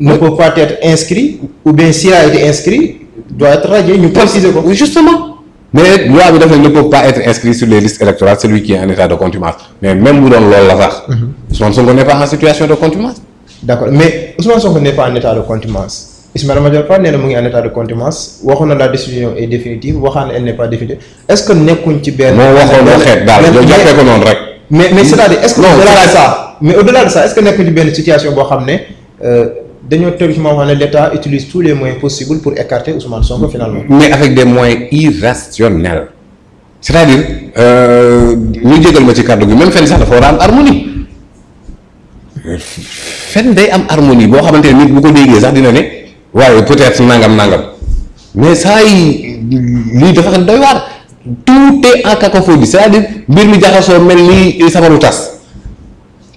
ne peut pas être inscrit, ou bien s'il a été inscrit, doit être radié, nous précisons. Oui, justement. Mais nous avons ne peut pas être inscrit sur les listes électorales, celui qui est en état de contumace. Mais même nous, dans l'OLAVAR, mhm. Ousmane Sonko n'est pas en situation de contumace. D'accord, mais Ousmane Sonko n'est pas en état de contumace. Ismaël Madior Fall n'est pas n'est pas en état de contumace la décision est définitive elle n'est pas définitive est-ce que nous ci benn. moo waxoon na xeet daal yow rek. mais c'est-à-dire est-ce que. au-delà de ça mais au-delà de ça est-ce que nekkuñ ci situation où dañoo théoriquement wax l'État utilise tous les moyens possibles pour écarter Ousmane Sonko finalement. mais avec des moyens irrationnels. c'est-à-dire euh, ñu jégal ma ci cadre gi même fait ça, Il faut a harmonie fenn day am harmonie boo xamante ne nit bu ko déggee sax dina ne waaye peut-être nangam nangam mais saa yi lii dafa doy waar tout est en cacophonie c'est-à-dire mbir mi jaxasoo mel ni sabaru tas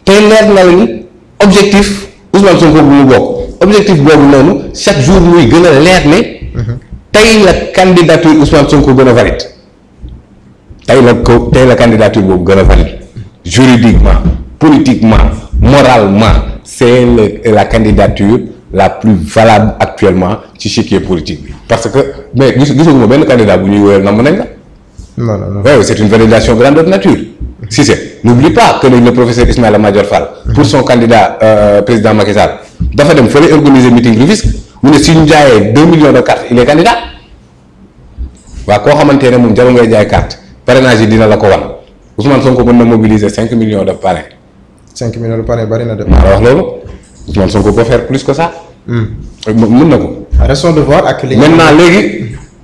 tey leer na leen objectif. Ousmane Sonko bu ñu bokk objectif boobu noonu chaque jour muy gën a leer ne tey la candidature Ousmane Sonko gën a valide tey la ko tey la candidature boobu gën a valide juridiquement politiquement moralement c'est le la candidature la plus valable actuellement ci échiquier politique bi parce que mais gis gisaguma benn candidat bu ñuy wooyal namm nañ la. non non non c'est une validation grandeur nature si c'est n'oublie pas que le professeur Ismaël Madior Fall mhm. pour son candidat euh, président Macky Sall faut dem un organiser meeting risque mu si ñu avons 2 millions de cartes il est candidat waaw koo xamante ne moom jarul ngay parrainage dina la ko Ousmane Sonko qu'on na mobiliser 5 millions de parrains 5 millions de parrain bari na de. maa wax loolu Ousmane Sonko peut faire plus que ça. Hmm. nous na ko. restons de voir ak. maintenant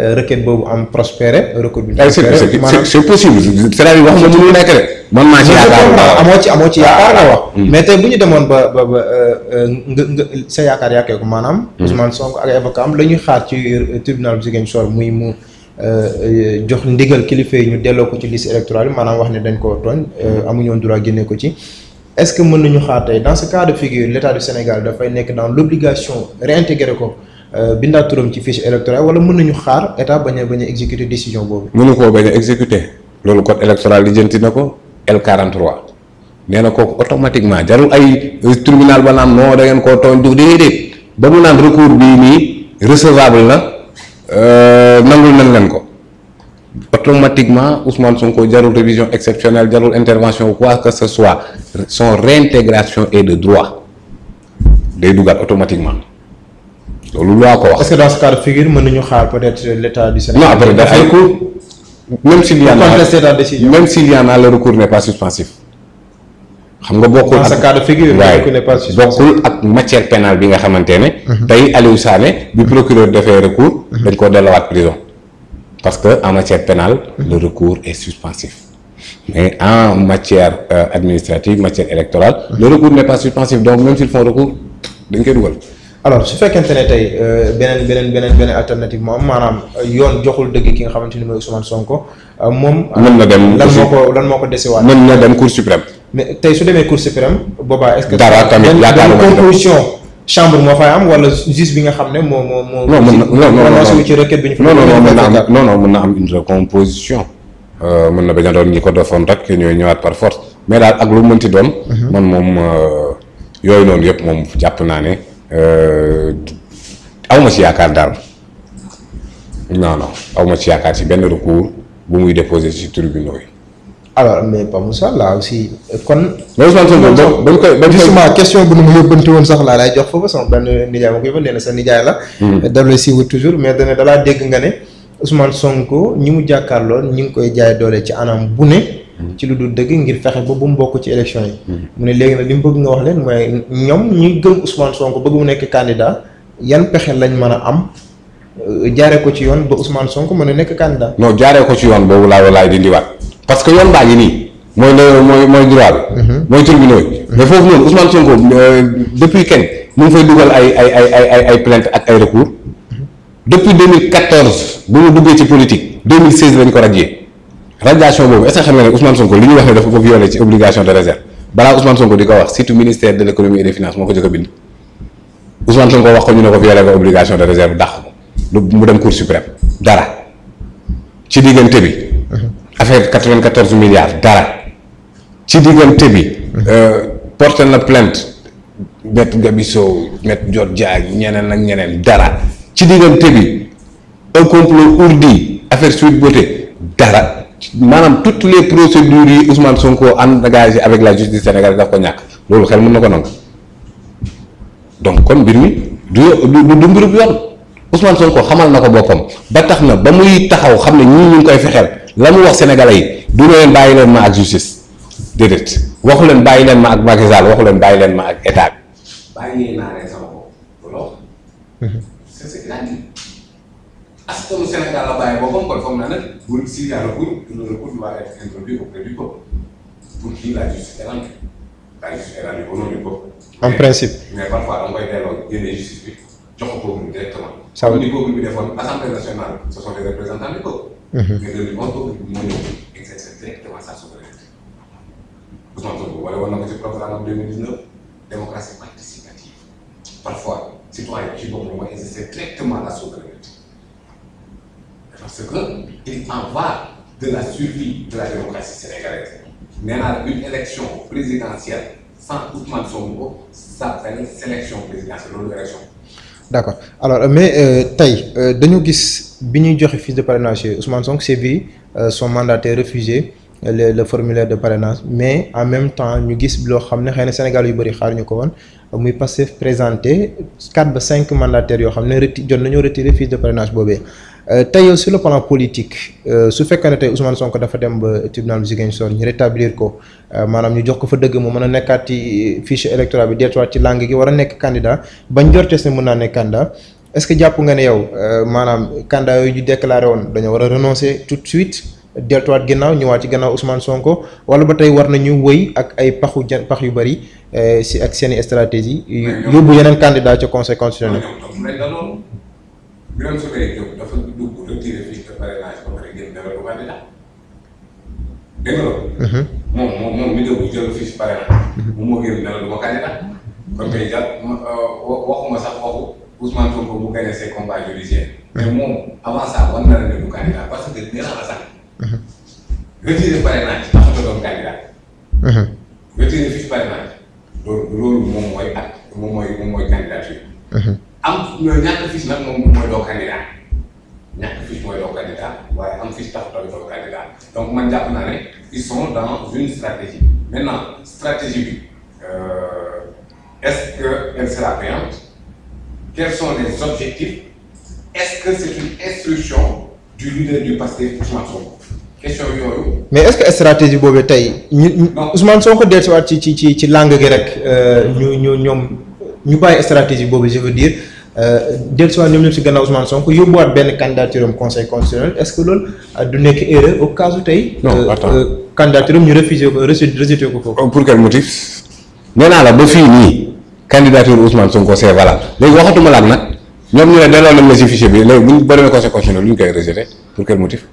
Euh, requête boobu am prospéré. recours bi ah, prospéré maanaam c' est possible c'est-à-dire wax nga mënul nekk de. man maa ci yaakaar amoo ci amoo ci yaakaar la wax. Ah, ah. mais tey bu ñu demoon ba ba ba euh, euh, nga nga sa yaakaar yàqee ko maanaam. Mm-hmm. Ousmane Sonko ak ay avocat am la ñuy xaar ci tribunal bu Ziguinchor muy mu jox ndigal kilifa yi ñu delloo ko ci liste électorale bi maanaam wax ne dañ ko tooñ. Mm-hmm. amuñu woon droit génne ko ci. est ce que mën nañu xaar tey dans ce cas de figure l' état du Sénégal dafay nekk dans l' obligation réintégrer ko. Euh, binda turam ci fiche électorale wala mën nañu xaar état bañ a exécuter décision boobu. mënu koo bañ a exécuter loolu code électoral ko L43 nee na automatiquement jarul ay tribunal ba naan non da ngeen koo tooñ dugub déedéet ba mu recours recevable na euh, nangul nañ leen ko automatiquement Ousmane Sonko jarul révision exceptionnelle jarul intervention quoi que ce soit son réintégration est de droit day automatiquement est-ce que dans ce cas de figure mën nañu xaar peut-être l'état du Sénégal. non après dafay recours même s'il y en a même s'il y en a le recours n'est pas suspensif. xam nga dans ce cas de figure. le recours donc en matière pénale bi nga xamante ne. Mhm. tey Aliou Sané bi procureur defee recours. Mhm. dañ à la prison. parce que en matière pénale. Mhm. le recours est suspensif. mais en matière euh, administrative matière électorale. le recours n'est pas suspensif donc même s'ils font recours dañ koy dugal. alors su fekkente ne tey euh, beneen beneen beneen beneen alternative moom maanaam euh, yoon joxul dëgg ki nga xamante ni mooy Ousmane Sonko euh, moom. mën na dem lan moo ko lan moo ko desewaat. mën na dem Cour suprême. mais tey su demee Cour suprême boobaa est-ce que. dara tamit yaakaaruma benn composition chambre am wala juge bi nga xam ne moo moo moo. non non ci requête bi ñu. non mën na am non non mën na mën na bañ doon ñi ko defoon rek ñooy ñëwaat par force mais daal ak lu mënti doon. Mhm. man moom yooyu noonu yëpp moom jàpp naa ne. Euh, awma ci yaakaar daal non non awma ci yaakaar ci benn recours bu muy déposé ci tribunaux yi. alors mais Pape Moussa là aussi kon. mais Ousmane Sonko ba koy ba question bu nu ma yóbbante woon sax laa lay jox foofu sama benn nijaay ma ko yóbbante nee na sa nijaay la. Hmm. daf lay siiwut toujours mais dana dalaa dégg nga ne Ousmane Sonko ñi mu jàkkaarloon ñi ngi koy jaay doole ci anam bu ne. ci lu dul dëgg ngir fexe ba bu mu bokk ci élection yi. Hmm. mu ne léegi nag li mu bëgg nga wax leen mooy ñoom ñi gëm Ousmane Sonko bëgg mu nekk candidat yan pexe lañ mën a am euh, jaare ko ci yoon ba Ousmane Sonko mën ne nekk candidat. non jaaree ko ci yoon boobu laay laay dindiwaat parce que yoon baa ngi nii. mooy le mooy mooy droit bi. Mhm. mooy tribunaux yi. Mhm. mais foofu noonu Ousmane Sonko euh, depuis kañ mu ngi fay dugal ay ay ay ay ay ak ay recours mhm. depuis 2014 bu mu duggee ci politique 2016 lañ ko radié. radiation boobu est-ce que xam nga Ousmane Sonko li ñuy wax dafa ko violé ci obligation de réserve balaa Ousmane Sonko di ko wax surtout ministère de l'économie et des finances moo ko jëkk a bind Ousmane Sonko wax ko ñu ne ko violé obligation de réserve dàq ko mu dem cour suprême dara ci diggante bi affaire 94 milliards dara ci diggante bi euh, porté na plainte Mettez Gabisso Mettez Dior Diagne ñeneen ak ñeneen dara ci diggante bi un complot ourdi affaire suite Beauté dara manam toutes les procédures Ousmane Sonko engagé avec la justice sénégalaise daf ko ñàkk loolu xel mëna ko nangu donc kon mbir mi du du du mbirum yoon Ousmane Sonko xamal nako bopam ba tax na ba muy taxaw xam ne ñii ñu koy fexel lamu wax sénégalais yi du leen bàyyi leen ma ak justice déedéet waxu leen bàyyi leen ma ak Macky Sall waxu leen bàyyi leen ma ak état bi. bàyyi naa sama ko lool. Mhm. c'est c'est qu'il askanu Sénégal la bàyyi boppam kon foog na nag y a recours le recours doit être introduit auprès du peuple pour qu'il la justice est rendue la justice est rendue au du peuple. en principe mais parfois on voit des delloo qui justice bi jox ko directement. ça veut dire peuple bi defoon assemblée nationale ce sont les représentants du peuple. Mhm. mais de l' du peuple etc., directement sa souveraineté. Ousmane Sonko wala woon na ko le programme en 2019 démocratie participative parfois citoyen qui vont moo exercer directement la souveraineté parce qu'il en va de la survie de la démocratie sénégalaise. Maintenant, une élection présidentielle sans Ousmane Sonko, ça une sélection présidentielle, une élection. D'accord. Alors, euh, mais Taï, nous avons vu que le fils de parrainage, Ousmane Sonko c'est vu euh, son mandataire refusé. Euh, le, formulaire de parrainage mais en même temps nous avons vu que le Sénégal yu été xaar muy présenté 4 ou 5 mandataires qui ont retiré reti fils de parrainage euh, tey sur le plan politique euh, su fekkee ne tey Ousmane Sonko dafa dem ba tribunal bu Ziguinchor ñu rétablir ko euh, manam ñu jox ko fa dëgg mu mëna nekkati fiche électorale bi delluwaat ci langue gi wara nekk candidat bañ jorte ci mën naa nekk candidat est-ce que jàpp nga ne yow manam candidat yooyu ñu déclaré woon dañoo war renoncer tout de suite deltuwaat ginnaaw ñëwaat ci ginnaaw Ousmane Sonko wala ba tay war nañu wëy ak ay paxu jan pax yu euh ci ak seeni stratégie yobu yenen candidat ci conseil constitutionnel Birame Souleye Diop dafa dugg retiré fii ca parrainage ba pare génn dara du candidat dégg nga loolu. Mhm. moom moom moom mi dugg jël fii si parrainage. moom moo génn dara du ma candidat. kon tey jàpp euh, waxuma sax waxu Ousmane Sonko mu gagné ses combats judiciaires. Mhm. mais moom avant ça war na la ne du candidat parce que dina la sax. Mhm. retiré parrainage tax nga doon candidat. retiré fii si parrainage loolu loolu moom mooy at moom mooy moom mooy candidature. am ñoo ñàkk fii nag moom. le peuple candidat. Donc, ils sont dans une stratégie. Maintenant, stratégie, euh, est-ce qu'elle sera payante Quels sont les objectifs Est-ce que c'est une instruction du leader du passé, Ousmane Sonko Question yoyo. Mais est-ce que la stratégie est tay Ousmane Sonko del ci ci ci langue grecque. Euh, Nous ñu ñu ñom ñu stratégie je veux dire dellusiwaat euh, ñoom ñëpp si gannaaw Ousmane Sonko yóbbuwaat benn candidature am conseil constitutionnel est-ce que loolu euh, du nekk erreur au cas où tey. non euh, candidature am ñu refusé ko rejeté ko foofu. pour quel motif. nee naa la ba fii nii. candidature Ousmane Sonko c'est valable léegi waxatuma la nag ñoom ñu ne delloo nañ la si fichier bi léegi bu ñu ba conseil constitutionnel lu ñu koy rejeté pour quel motif.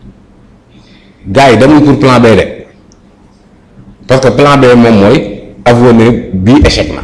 gars yi demul pour plan B de parce que plan B moom mooy avoué ne bii échec na.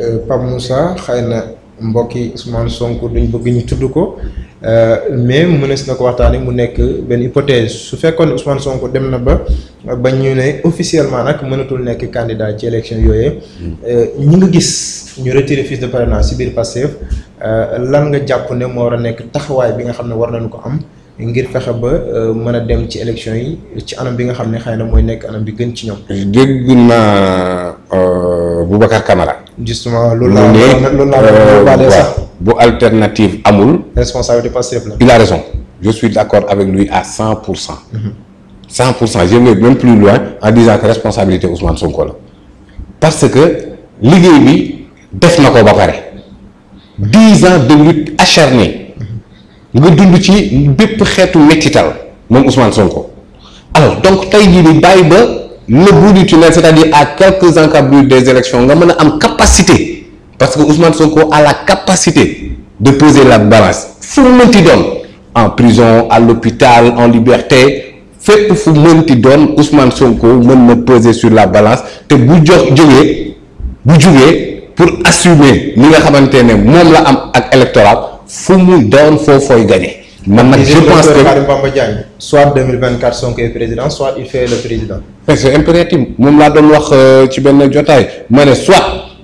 Euh, Pape Moussa xëy na mbokk yi Ousmane Sonko duñ bëgg ñu tudd ko euh, mais mënees na ko waxtaanee mu nekk benn hypothèse su fekkoon ne Ousmane Sonko dem na ba ba ñu ne officiellement nag mënatul nekk candidat ci élection yooyu euh, ñu nga gis ñu retiré fiche de parrainage si biir Pastef lan nga jàpp ne moo war a nekk taxawaay bi nga xam ne war nañu ko am ngir fexe ba mën a dem ci élection yi ci anam bi nga xam ne xay na mooy nekk anam bi gën ci ñoom. dégg naa Boubacar Camara. justement loolu laa loolu laa euh, bu alternative amul. responsabilité Pastef la. il a raison je suis d'accord avec lui à 100 100 mhm. cent. je même plus loin en disant que responsabilité Ousmane Sonko parce que liggéey bi def nako ba paré dix ans de lutte acharnée nga dund ci bépp xeetu mettital moom Ousmane Sonko alors donc tay jii ni baye ba le bout du tunnel c'est-à-dire à quelques encablures des élections on a capacité parce que Ousmane Sonko a la capacité de poser la balance le monde qui donne, en prison à l'hôpital en liberté le pour qui donne, Ousmane Sonko mën na peser sur la balance te bu pour assumer nous nga un électorat, moom la am ak électoral fu faut, faut gagner man je pense que soit 2024 son est président soit il fait le président. Eh, c'est impératif mom la doon wax euh, ci ben jotay mané soit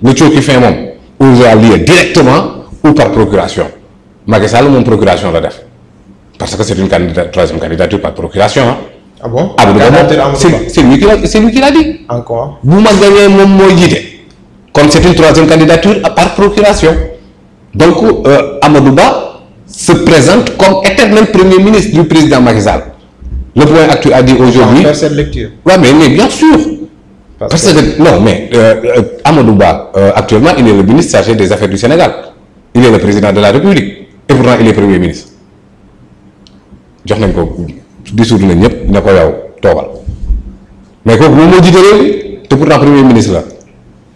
le cooki fait mom ou à directement ou par procuration Macky Sall que procuration la def parce que c'est une troisième candidature par procuration hein. ah. bon c'est lui qui l'a dit. encore Vous ma gagné c'est une troisième candidature par procuration donc euh, Amadou Ba se présente comme éternel premier ministre du président Macky Sall. Le point actuel a dit aujourd'hui... faire cette lecture. Oui, mais, bien sûr. Parce, que... Non, mais euh, euh, Amadou Amadouba, euh, actuellement, il est le ministre chargé des Affaires du Sénégal. Il est le président de la République. Et pourtant, il est premier ministre. Je pas, Mais quand vous me dites, c'est pourtant premier ministre. Là.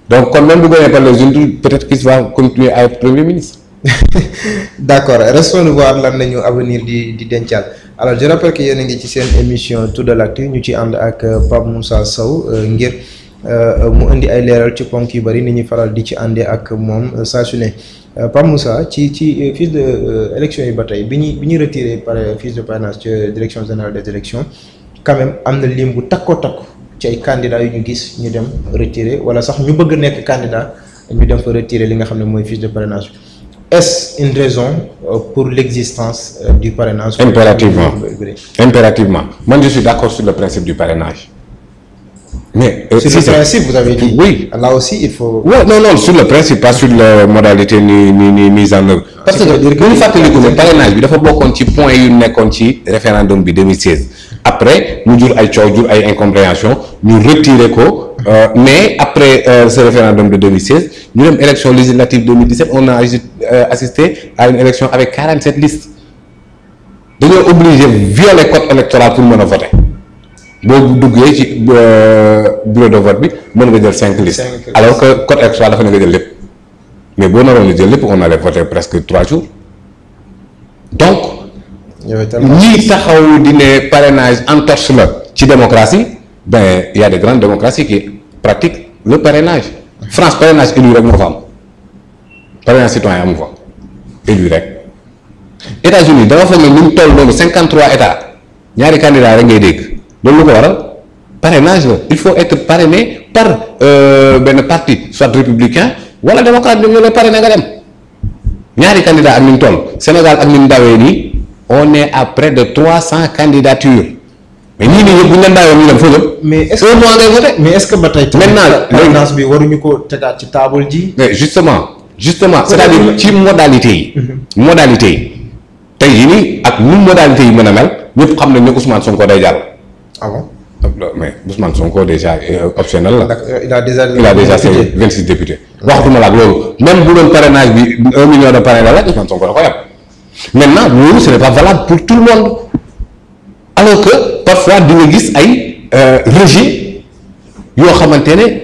Donc, quand même, vous gagnez par les peut-être qu'il va continuer à être premier ministre. d'accord restons de voir l'année nañu avenir di di Dential. alors je rappelle que y a une émission Tout de l'actu ñu ci ànd ak euh, Pape Moussa Sow euh, ngir euh, mu indi ay leral ci ponk yu bari ni ñi faral di ci àndee ak mom sa su ne Pape Moussa ci ci fils de élection yi ba tey bi ñuy retiré par fils de parrainage ci direction générale des élections quand même amna limbu takko takko ci ay candidats yu ñu gis ñu dem retiré wala sax ñu bëgg nekk candidat ñu dem fa retiré li nga xamné moy fils de parrainage est-ce une raison euh, pour l'existence euh, du parrainage Impérativement. Impérativement. Moi, je suis d'accord sur le principe du parrainage. Mais, euh, sur le principe, vous avez dit. Oui. Là aussi, il faut. non, non, sur le principe, pas sur la modalité ni, ni, mise en œuvre. Parce que, une fois que nous le parrainage, il faut beaucoup le point et une référendum de 2016. Après, nous avons une incompréhension, nous retirer quoi euh, mais après euh, ce référendum de 2016, nous avons élection législative 2017, on a euh, assisté à une élection avec 47 listes. Nous sommes obligés de violer le code électoral pour nous voter. Si vous avez bureau de vote, vous 5 listes. Alors que le code électoral a fait listes. Mais si on avait tout, on allait voter presque 3 jours. Donc, ni parrainage entorse la démocratie, ben il y a des grandes démocraties qui pratiquent le parrainage. France parrainage élu rek mouvement. parrainage citoyen amu mouvement. élu règne. États-Unis dans le fond de 53 états il y a des candidats à Donc, Le parrainage il faut être parrainé par le euh, parti soit républicain la démocrate Nous le lay Il y a des candidats à ñu Sénégal ak on est à près de 300 candidatures mais ñii nii bu ñu leen daayoon mais est ce que mais est ce que ba tey maintenant ordonnance bi waruñu ko tegaat ci table ji justement justement c'est-à-dire ci modalité yi mm-hmm. modalité yi tey jii nii ak modalité yi mën a mel ñëpp xam nañ Ousmane Sonko day ah bon mais Ousmane Sonko déjà euh, optionnel là. il a déjà il a déjà ses 26 députés. waxtuma la ak loolu même bu doon parrainage bi un million de parrainage la Ousmane Sonko da koy maintenant nous, ce n'est pas valable pour tout le monde alors que. parfois di nga gis ay euh, rejet yoo xamante ne